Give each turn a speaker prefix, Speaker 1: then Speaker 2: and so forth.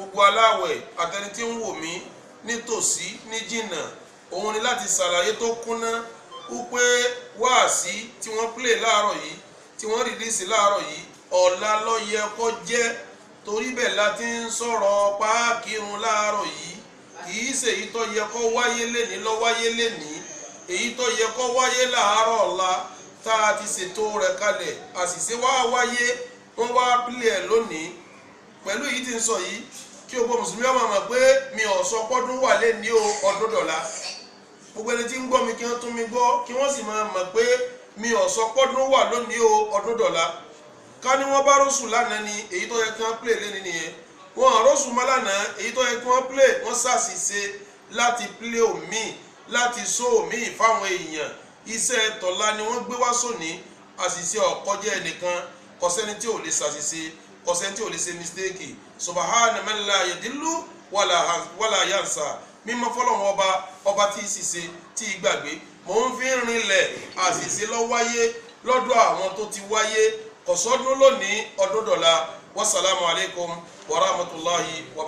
Speaker 1: gbogbo aláwẹ̀ àtẹni tí ń wò mí nítòsí ní jìnnà òun ni láti ṣàlàyé tó kúnná wípé wáàsí tí wọ́n play láàárọ̀ yìí tí wọ́n rìlíìsì láàárọ̀ yìí ọ̀la ló yẹ kó jẹ́ torí bẹ́ẹ̀ la ti ń sọ̀rọ̀ páàkìrun láàárọ̀ yìí kìí ṣe èyí tó yẹ kó wáyé lénìí ló wáyé lénìí èyí tó yẹ kó wáyé láàárọ̀ ọ̀la tá a ti ṣètò rẹ̀ kalẹ̀ àṣìṣe wá wáyé wọ́n wá pílẹ̀ lónìí pẹ̀lú èyí tí ń sọ yìí kí gbogbo mùsùlùmí ọmọ mọ̀ pé mi ò sọ pọ́dún wà lé ní ọdún dọ̀la gbogbo ẹni tí ń gbọ́ mi kí wọ́n tún mi gbọ́ kí wọ́n sì máa mọ̀ pé mi ò sọ pọ́dún wà lónìí o ọdún dọ̀la ká ní wọ́n bá rọ́ṣù lánàá ni èyí tó yẹ kí wọ́n play lẹ́ni nìyẹn wọn rọ́ṣù mọ́ lánàá èyí tó yẹ kí wọ́n play wọ́n ṣàṣìṣe láti play omi láti sọ omi fáwọn èèyàn iṣẹ́ tọ̀la ni wọ́n gbé wá sóní àṣìṣe ọ̀kọ́jẹ́ ẹnìkan kọ́sẹ́ni tí ò lè ṣàṣìṣe kò sẹ́ni tí ò lè ṣe mistake subahana man la yadillu wala yansa mímọ́ fọlọ́run ọba ọba tí ì sì ṣe tí ì gbàgbé mò ń fi rinlẹ̀ àṣìṣe ló wáyé lọ́dọ̀ àwọn tó ti wáyé kọ̀sọ́dún lónìí ọdún dọ̀la wasalaamu alaykum wa